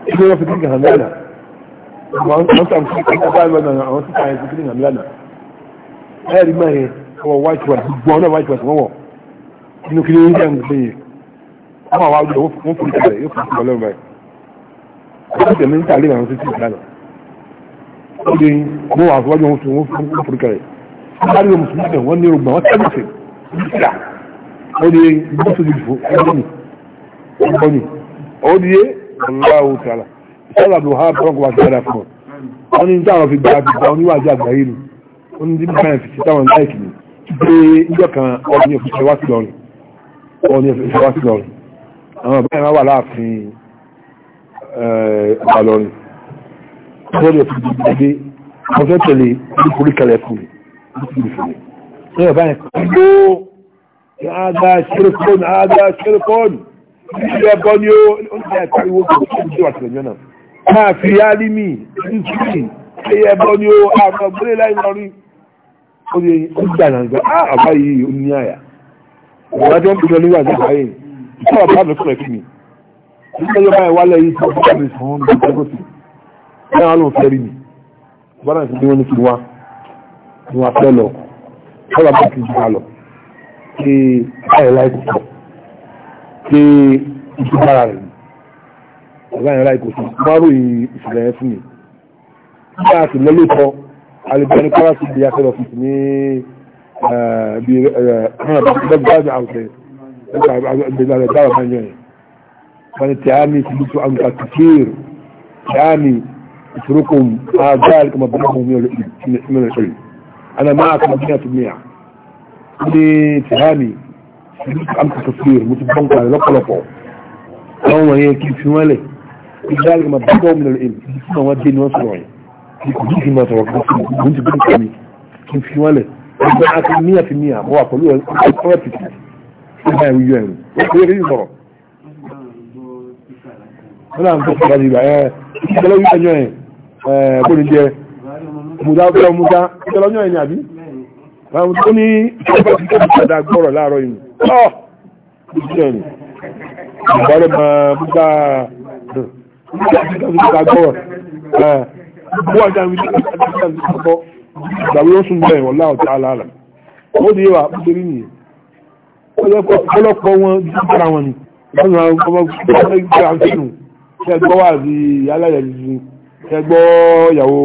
ṣe wọ́n fi kí nǹkan lẹ́nà wọ́n sàn fún ọgbà ìwọ̀n àwọn sísá yẹn fi kí nǹkan lẹ́nà ẹ̀rí mẹ́rin ọwọ́ white west gbogbo ọ̀nà white west wọ́n wọ̀ inú kí ní ń gbé yìí wọ́n àwọn àjọ wọ́n fi kàlẹ̀ yóò fi kọ́ lẹ́nu báyìí wọ́n tẹ̀mí ń tàlé àwọn sísá yẹn lẹ́nà ó lè mú wà fún ọjọ́ wọn fi wọ́n fi kàlẹ̀ wọ́n ní aláwọ̀ tààlà sọ́lá ló ha bọ́ọ̀kù wá dáadáa fún ọ wọ́n ní táwọn fi gba àgbà oníwájú àgbáyé ni wọ́n ní bí báyìí fi táwọn láìkì ni pé níjọ́ kan ọdún yẹn fi wá sí lọ́rùn ọdún yẹn fi wá sí lọ́rùn àwọn àbáyé máa wà láàfin ọba lọ́rùn wọ́n lè fi gbàgbé wọ́n ilé ẹbọ ni ó ní àtàríwó kò tó ń tó náà máa fi álímì ìsúkì ilé ẹbọ ni ó àwọn ọgbẹ́lẹ̀ láì lọrí ó ní ó gbà náà á àbá yìí ó ní àyà ìwà tó ń pè lórí wà nípa yìí ìtọ́ ọ̀pá mi fún ẹ̀kí mi nígbà yóò báyìí wálé yìí tó ń mi fún mi lọ́gọ́ sí ẹ̀ wọ́n lóun fẹ́ rí mi bọ́dà sí ni wọ́n ní kí ni wọ́n fẹ́ lọ kọ́lá ti jù wá lọ ṣe báyìí láì pọ̀ pé ìtúbára rẹ̀ ọ̀gá ìrìnlá ikò sí márù ìṣẹ̀lẹ̀ ẹ̀ fún mi bí a sì lọ́lọ́tọ́ alìbẹ̀ni kọ́lá sí ibi afẹ́ lọ́fíìsì ní ẹgbẹ̀rẹ̀ àwùjẹ́ ẹgbẹ̀rẹ̀ dára bá yẹn wani tiyami sulutu an ka kafir tiyami turukun a zalik ma bala mu miyar ilmi ana ma'a kuma biya tumiya ne tiyami amsa tafsir mutu banka da lọ́pọ̀lọpọ̀ àwọn wọ̀nyí kì í fi wọ́n lẹ̀ ìdáàlì ma bá bọ́ òmìnira ìlú kì í fún àwọn dé ní wọ́n sọ̀rọ̀ yìí kò kí ma sọ̀rọ̀ kí wọ́n ti banka mi kì í fi wọ́n lẹ̀ ẹgbẹ́ àti níyà fi níyà wọ́n wà pẹ̀lú ọ̀rọ̀ pìtì ó bá ìwúyọ ẹ̀rù ó kéré kí sọ̀rọ̀ wọ́n náà ń fọ́ sọ̀rọ̀ ìgbà ẹ̀ ìgbàlẹ́ wíwá yọ ẹ̀ ẹ̀ kó ní jẹ́ muda ọ̀pẹ̀lẹ̀ muda ìgbàlẹ́ yọ ẹ̀ ní àbí. àwọn tó ní ìjọba ti tẹ́lẹ̀ ìjọba gbọ́rọ̀ láàárọ̀ yìí ọ́ ìjìnlẹ̀ ni ìbọ̀rẹ̀ mọ̀ bíbá ìgbàwé ó sún bẹ́ẹ̀ wọ́n láọ̀tá aláàlá ó ní ìwà púpẹ̀rí nìyẹn ọlọ́pọ̀ wọn jíjára wọn ni wọ́n máa gbọ́ gbọ́ àfihàn ṣe gbọ́ wà sí aláyẹ̀ jíjí ṣe gbọ́ ìyàwó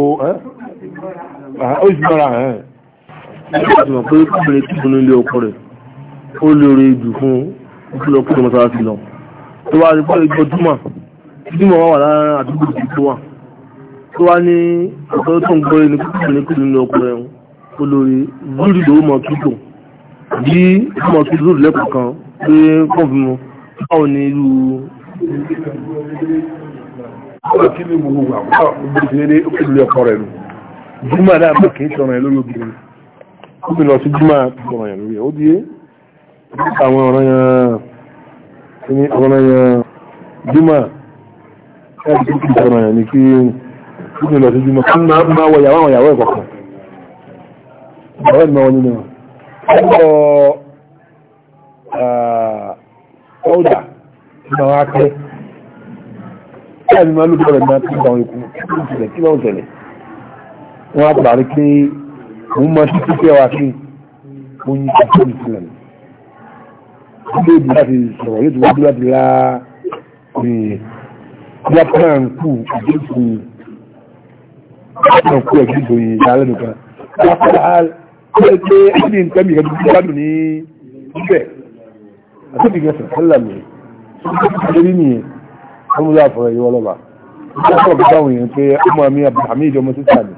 ó sì mọ́ra ẹ̀ ẹ̀ ẹ̀ ó lóore jù fún ìpínlẹ̀ òkú mọ́sálásí lọ tó wá rí pé ìjọ dúmọ̀ dúmọ̀ wà wà lára àdúgbò tí tó wà tó wá ní ọ̀tọ́ tó ń gbọ́ ẹni kúrò ní kúrò nínú ọkọ̀ ẹ̀hún ó lóore lórí lòó mọ̀ tútò bí ó mọ̀ tútò lórí lẹ́kọ̀ọ́ kan pé kàn fún mu báwo ni irú ọ̀rọ̀ kí ni gbogbo àwọn obìnrin ó kìí lé ọkọ rẹ̀ nù jùmọ̀ dáa bá kìí sọ̀rọ̀ ẹ̀ lórí obìnrin ó bìnrin ọ̀sùn jùmọ̀ sọ̀rọ̀ ẹ̀ lórí ẹ̀ ó di é àwọn ọ̀rọ̀ yẹn ní ọ̀rọ̀ yẹn jùmọ̀ ẹ̀ tí kìí sọ̀rọ̀ yẹn ní kí ní lọ sí jùmọ̀ kí ní máa wọ ìyàwó àwọn ìyàwó ẹ̀kọ́ kan ọ̀rẹ́ ìmọ̀ wọn nínú ọ̀pọ̀ ọ̀dà tí máa wá pẹ́ kí àmì máa lókè ọ̀rẹ́ máa tí àwọn ikú kí máa ń tẹ̀lé wọ́n á pàrí pé òun máa ilé ìbò láti sọ̀rọ̀ yóò ti wá dúró láti lá japan kù àdéhùn japan kù ẹ̀gbẹ́ ìbò yìí lálẹ́ nìkan lápẹ́lá pé ẹni nǹkan mìíràn tó gbádùn ní ibẹ̀ àtúntì gẹ̀ẹ́sì sẹ́lẹ̀ mi lórí nìyẹn wọ́n mú láàfọ̀ ẹ̀yọ́ ọlọ́ba wọ́n sọ̀rọ̀ bí báwọn èèyàn pé ọmọ mi àmì ìjọmọ sísà mi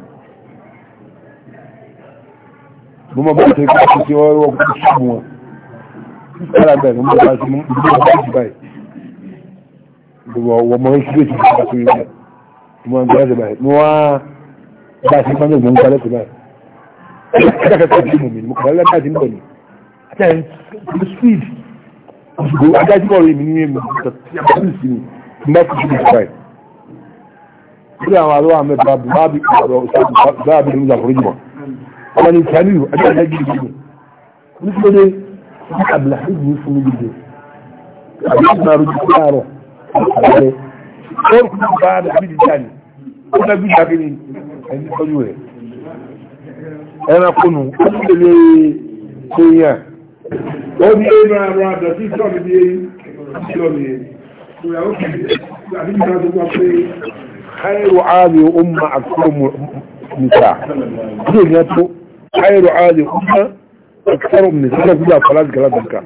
mo mọ bá ṣe kí wọ́n ti ṣe ọwọ́ kúkú sí wọn lára bẹ̀rẹ̀ mú bá sí mú ìdílé bá sí báyìí gbogbo ọwọ́ mọ́ ìṣúlé ti bá sí báyìí mo ń gbọ́dọ̀ báyìí mo wá bá sí pọ́njọ́ mo ń gbọ́dọ̀ sí báyìí ẹ̀ẹ́dẹ́gbẹ̀ta ti mú mi mo kọ̀ lẹ́gbẹ̀ẹ́ ti ń bọ̀ ni àti àyẹ̀ speed òṣùgbò adájú ọ̀rọ̀ èmi ní èmi àbúrò sí ni mẹ́tì sí ní ìfẹ́ bí àwọn aláwọ̀ àmì bàbí bàbí ọ̀rọ̀ bàbí ní ìjàkúrú jùmọ̀ ọmọ ní ìtàlíù adájú ẹgbẹ̀rún ní kí ló dé ní abdulhajj yìí fún mi dìde àbí ìgbà rojú sí àárọ̀ àbẹ̀rẹ̀ ó rò kúrò bá rẹ̀ bí dìjà ni ó fẹ́ bí dàbí ni ẹni tọ́jú rẹ̀ ẹranko nù ó ti lè ṣe yàn. ó ní ẹnu àrùn àdọ̀tí sọ̀rọ̀ ní eyín sọ̀rọ̀ ní eyín ìyàwó kìí àbí ìgbà tó wà khairu aadi umma akuru nisa. Ilé ìgbà tó khairu aadi umma أكثر من سنة كلها فلاس كلا ذلك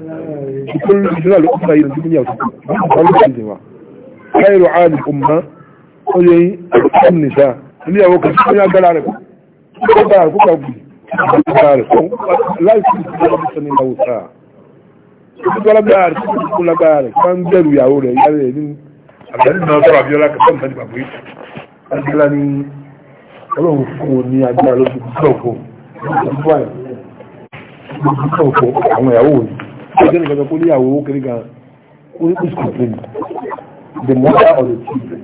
بكل سنة الأمة إلى الدنيا وتقول خير عالي الأمة أولي أكثر من نساء اللي هو كثير من أقل عارف أقل عارف أقل عارف لا يكون رب السنين له ساعة ولا بارك ولا بارك كان دلو يا أولي يا أولي أبدا نظر أبيولا كثير من أبوي أجلني ọlọ́run fún ọ ní agbára lójú tó fún ọ gbogbo ọ̀pọ̀ àwọn ìyàwó ni ọjọ́ nìkan kó níyàwó ó kéré gan ó ní kùsù complain the mother of the children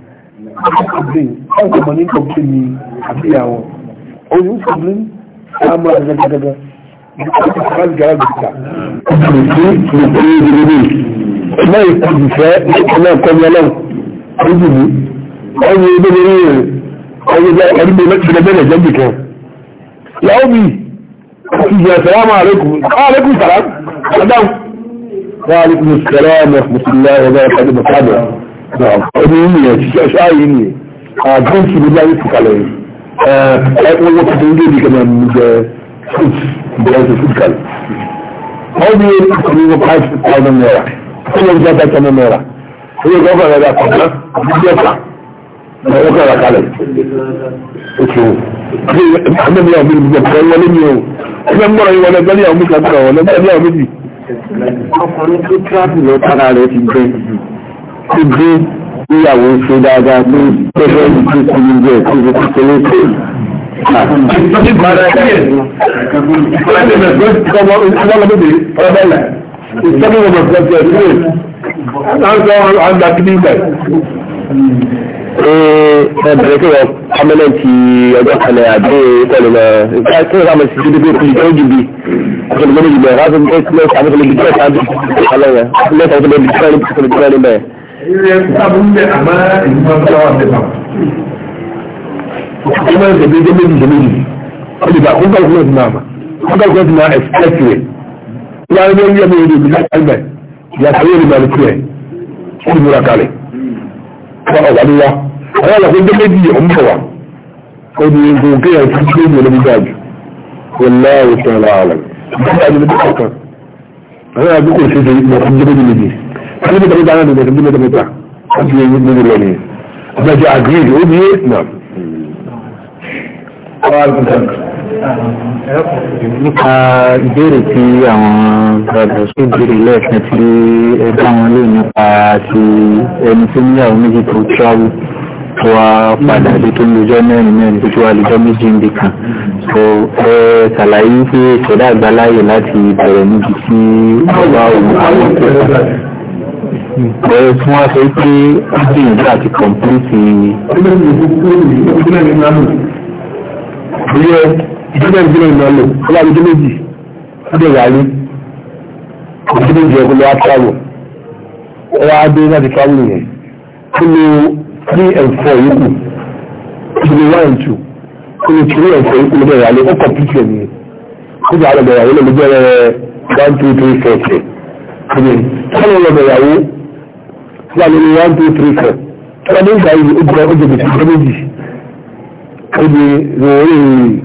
complain ọ̀n kò mọ̀ ní complain ni ní kùsù complain á mọ̀ السلام عليكم وعليكم السلام سلام وعليكم السلام ورحمة الله وبركاته بقابة نعم أبنية شيء أبنية أبنية شبه يتفق عليه أبنية وقت تنجيبي كمان مجا سوت بلايس سوت كال أبنية أبنية وقت تنجيبي كمان مجا سوت بلايس سوت كال أبنية أبنية هو جوفا لا تقلق لا يطلع لا يطلع على كلام اسمه محمد يا ابن الجبل ولم يوم ẹgbẹ́ mọ́ra yìí wọlé gbẹ́lẹ́ àwọn méjì àgbà wọlé gbẹ́lẹ́ àwọn méjì. ọkùnrin tó tíráàpù lọ tára rẹ̀ ti gbẹ ti gbé níyàwó ṣe dáadáa tó tẹ́lẹ̀ ní tó ti ní jẹ́ tó ti ti tẹ́lẹ̀ tó. Ìjọba ìgbàgbọ́ bẹ̀rẹ̀ kí wọ́n pàmẹ́lẹ̀ntì ọjọ́ kan àbí ìkọlù náà nígbà tí wọ́n bá mọ̀ sí ibi bí kùlù tó jùbí ọjọ́ ìgbẹ́ni jùbẹ̀ wọ́n tó ń tẹ́lẹ̀ sàbẹ̀ tó lè dìbẹ̀ sàbẹ̀ alẹ́ rẹ̀ lẹ́tà tó lè dìbẹ̀ ní kùlù tó lè dìbẹ̀. ilé sábà ń bẹ àmọ́ ìlú máa ń tọ́ àwọn ẹ̀fà. ìmọ̀ ìṣẹ̀ bí jẹ́mẹ́jì jẹ́mẹ́jì ọdìbà kúńkà kúńkà ti máa kúńkà kúńkà ti máa ẹ̀fẹ́ẹ̀tì rẹ̀ wọ́n á kọ́nà wà níwá àwọn àlàfo jẹ́ méjì ọmọ wa ó ní nǹkan òkè yẹn tó gbé ìwé lóbi dájú wọlé òtún ẹ̀rọ ààrẹ ìgbàgbọ́ àti ní kọ́kọ́ kan àwọn àti kò ṣe ṣe ìmọ̀ fún jẹ́ méjì méjì àti ní mẹ́ta mẹ́ta àti ní mẹ́ta mẹ́ta àti ní mẹ́ta lọ ni ọ̀gbẹ́jọ àgírí ó ní náà. nípa ìbéèrè tí àwọn gbàgbọ́sọ ìbéèrè lẹ́ẹ̀kan tí ẹ bá wọn lè nípa ti ẹni tó níyàwó méjì tó travel tó wá padà dé tó ń lójọ́ mẹ́rin mẹ́rin tó tó wá lójọ́ méjì níbi kan so ẹ ṣàlàyé pé ṣẹ̀dá àgbáláyè láti bẹ̀rẹ̀ níbi tí ọba òun àwọn tí wọ́n sọ pé ó gbìyànjú àti kọ̀m̀pútì. ó lè ní ìdókòwò yìí ó lè ní nánú ìjọba ìbílẹ̀ ìnáwó ọlọ́run tó méjì ó dẹ̀ wáyé òkú méjì ọkùnrin wa travel ó wá dé láti travel yẹn kí ni three and four yìí kù kí ni one and two kí ni three and four yìí kù ló dẹ̀ wáyé ó kọ̀ pípẹ́ mi ó dẹ̀ wáyé lọ́dọ̀ wáyé lọ́dọ̀ bẹ̀rẹ̀ one two three four kẹ̀ kí ni kí ni lọ́dọ̀ wáyé wà lórí one two three four kí ni ó dẹ̀ wáyé ó jẹ́ ó jẹ́ bìtì ó méjì ó dẹ̀ wáyé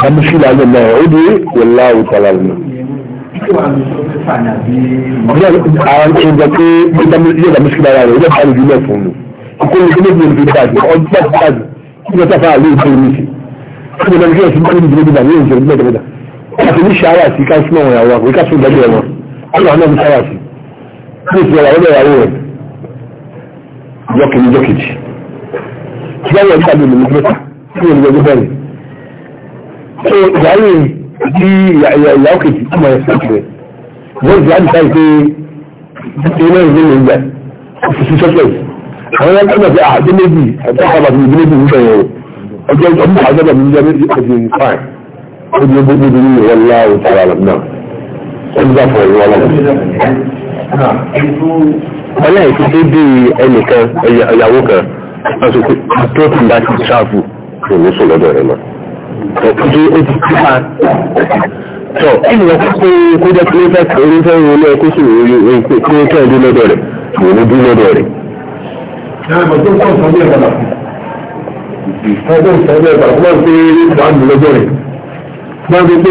kàmú sí ìlànà náà ó di ìlà òtàlà nù. àwọn tó ń jẹ pé yóò dàmú sí ìlànà rẹ̀ yóò bá lè jùlọ fún un kókó ní kí lóògùn ìdílé bàjẹ́ ọdún bá ti bàjẹ́ kí ló tàfà àlè ìdílé mi sí kí ló tàfà àlè ìdílé mi sí kí ló tàfà àlè ìdílé mi sí kí ló tàfà àlè ìdílé mi sí kí ló tàfà àlè ìdílé mi sí kí ló tàfà àlè ìdílé mi sí kí ló tàfà àlè ìdílé mi sí kí ló tàfà àlè ìdílé mi sí kí ló tàfà àlè ìdílé mi sí kí ló tàfà àlè ìdílé mi sí kí ló tàfà àlè ìdílé mi sí kí ló tàfà àlè ìdílé mi sí kí ló tàfà àlè tó ìyáwó bí ìyàwó kejì ọmọ ẹ̀ sí ìpínlẹ̀ wọ́n ti láti sáyé pé ilé ìwé ìwé ìgbà òṣìṣẹ́ sọ́sẹ̀ àwọn ẹgbẹ́ náà fi àdé méjì àti àbá àti ìdílé méjì nífẹ̀ẹ́ yẹn ọjọ́ ọmọ àjọ bàbá mi jẹ́ méjì ọjọ́ ìrìn fáì ó di ogún níbi ní ìwọ ńlá òtò ara náà ó ń dàpọ̀ ìwọ ọlọ́run. ọlọ́ọ̀kú tó dé ẹnìkan ẹ̀yàwó kan àti tó tún ti ṣáàfù kò ní sùn lọ́dọ̀ rẹ̀ náà ọ̀pọ̀jù ó ti kú tọ̀ ẹni wọ́n kó kó jẹ́ pé fẹ́ kó ní fẹ́ ronú ẹ kó sì rí kí wọ́n kẹ́hìn dín lọ́dọ̀ rẹ̀ kò ní dín lọ́dọ̀ rẹ̀. ọdún ìsọ̀rọ̀ ẹ̀ka fún ọ̀pẹ́ ìdáàbò lọ́dọ̀ rẹ̀ wọ́n ti pé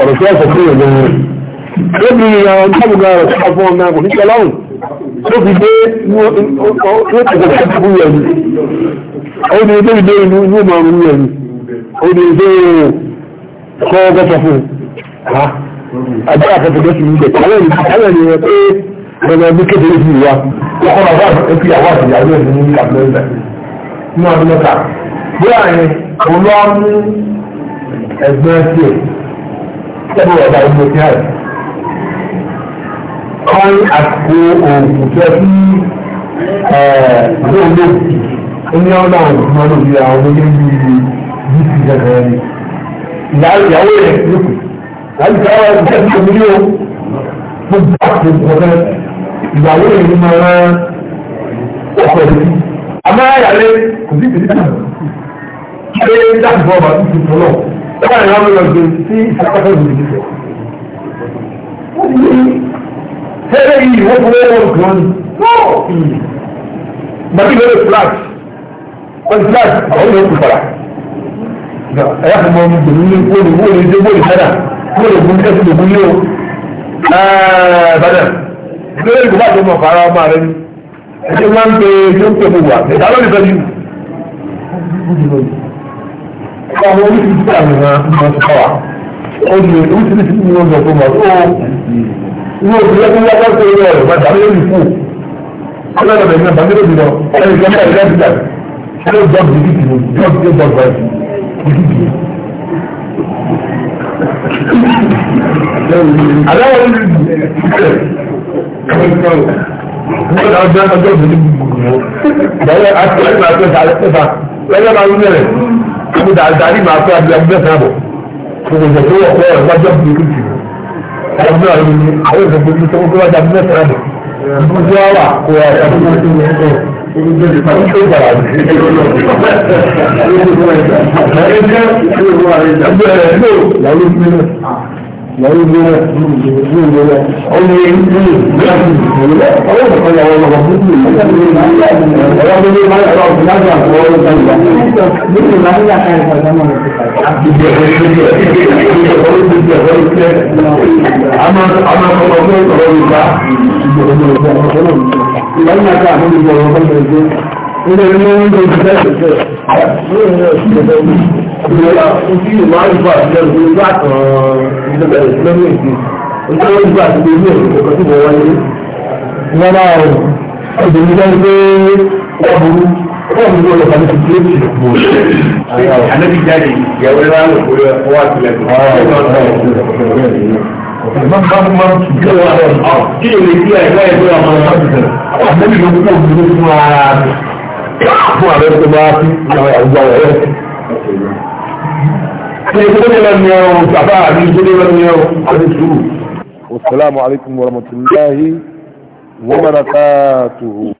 ọ̀rọ̀ tí wọ́n sọ fún ìrọ̀lẹ́ àwọn tábùgà rẹ̀ fi dé ní ó ti ó ní ṣé kọ́ gọ́sọ̀ fún àjọ àfẹ́fẹ́ gẹ́sì ní ìgbẹ̀ àwọn ènìyàn àwọn ènìyàn pé gbogbo ẹbí kékeré sí ìwà ó kọ́ bàbá ẹbí àwọn àtìyàwó ẹ̀ ní kàbílẹ̀ ní ọdún mẹ́ta bí àárín òun ló á mú ẹgbẹ́ tiẹ̀ tẹ́lẹ̀ ọ̀dà ìgbẹ́ tí a rẹ̀ kan àti òògùn tó fi ẹ̀ẹ́dẹ́gbẹ́ ní ọ̀nà òògùn ọdún ìyá ọdún yẹn bí i yìí gàgà yẹn ni ìyá ìyàwó yẹn ló kù láti ìyá wa ìyá ìyá mi yóò gbogbo àti ìgbọ̀nà ìyàwó yẹn ni máa ọkọ̀ yìí àmọ́ àyàlẹ́ kò sí ìdílé náà ṣé láti bọ́ ọba tó lọ lọ́wọ́ ìyá mi lọ gbé sí ìṣàkóso ìdílé rẹ̀ wọ́n ti ní wọ́n fọwọ́ wọn gan náà gbàgbé flash wọ́n flash àwọn yóò kú fara a ẹ̀yà fún ọmọ ìgbèrú ní wọ́n lè wọ́n lè dé wọ́n lè sẹ́dà wọ́n lè fún kẹ́sì lògún yóò ẹ̀ẹ́dẹ̀ lórí ìgbà tó mọ̀ fara ọmọ rẹ ni ẹ̀jẹ̀ máa ń pe ẹjọ́ ń pe mo wà ẹ̀dá lórí fẹ́ yìí. ọmọ oríṣiríṣi tí àwọn èèyàn ń bọ̀ sọ́kọ̀ wa ó lè oríṣiríṣi tí wọ́n sọ fún wa ó wọ́n ti lẹ́kún lọ́kọ́ tó yẹ ọ̀rọ̀ bàtà lórí fún ọlọ́dọ̀ bẹ̀rẹ̀ náà bàtà lórí lọ ẹ̀rọ ìjọba ìjọba ìjọba ìjọba ìjọba ìjọba ìjọba aláwọ̀ ní ìlú wọ́n náà jẹ́ ọjọ́ ìdílé gbogbo bọ́wọ́ àtúwẹ́sì máa fẹ́ sáré fẹ́fà lọ́jọ́ máa ń bẹ̀rẹ̀ kí dàrí máa fẹ́ abúlé abúlé fẹ́ bọ̀ gbogbo ìjọ tó wọ̀ pọ̀ ẹ̀ wájú abúlé kìkì ọdún àwọn ènìyàn àwọn ìjọba tó wọ́n wájú abúlé fẹ́ bọ̀ gbogbo ìjọ wà kó ẹ̀ ẹ̀ Ama ama kọ̀ọ̀kan kọ̀ọ̀kan ìgbà. Ìjọba ọ̀rọ̀ ọ̀dọ̀ ìjọba ń gbé ọ̀bùrú ọ̀hún ló lọ pàdé tuntun lórí ìdìbò rẹ̀. Ànábì jáde ìyàwó ẹ̀rọ àwọn òkúrẹ́ ọwọ́ àtìlẹ́yìn máa bá fún máa tún kí wọ́n lọ kí lè fi ẹ̀gbẹ́ ẹ̀gbẹ́ ọmọ náà lẹ́yìn ló kúrò nínú fún ara rẹ̀ fún ààrẹ tó bá fi àwọn àwùjọ rẹ̀ rẹ̀. ṣe ìdílé lẹ́nu ẹ̀rọ bàbá àbí ìdílé lẹ́nu ẹ̀rọ àti sùúrù. Assalamu alaikum warahmatullahi wabarakatuhu.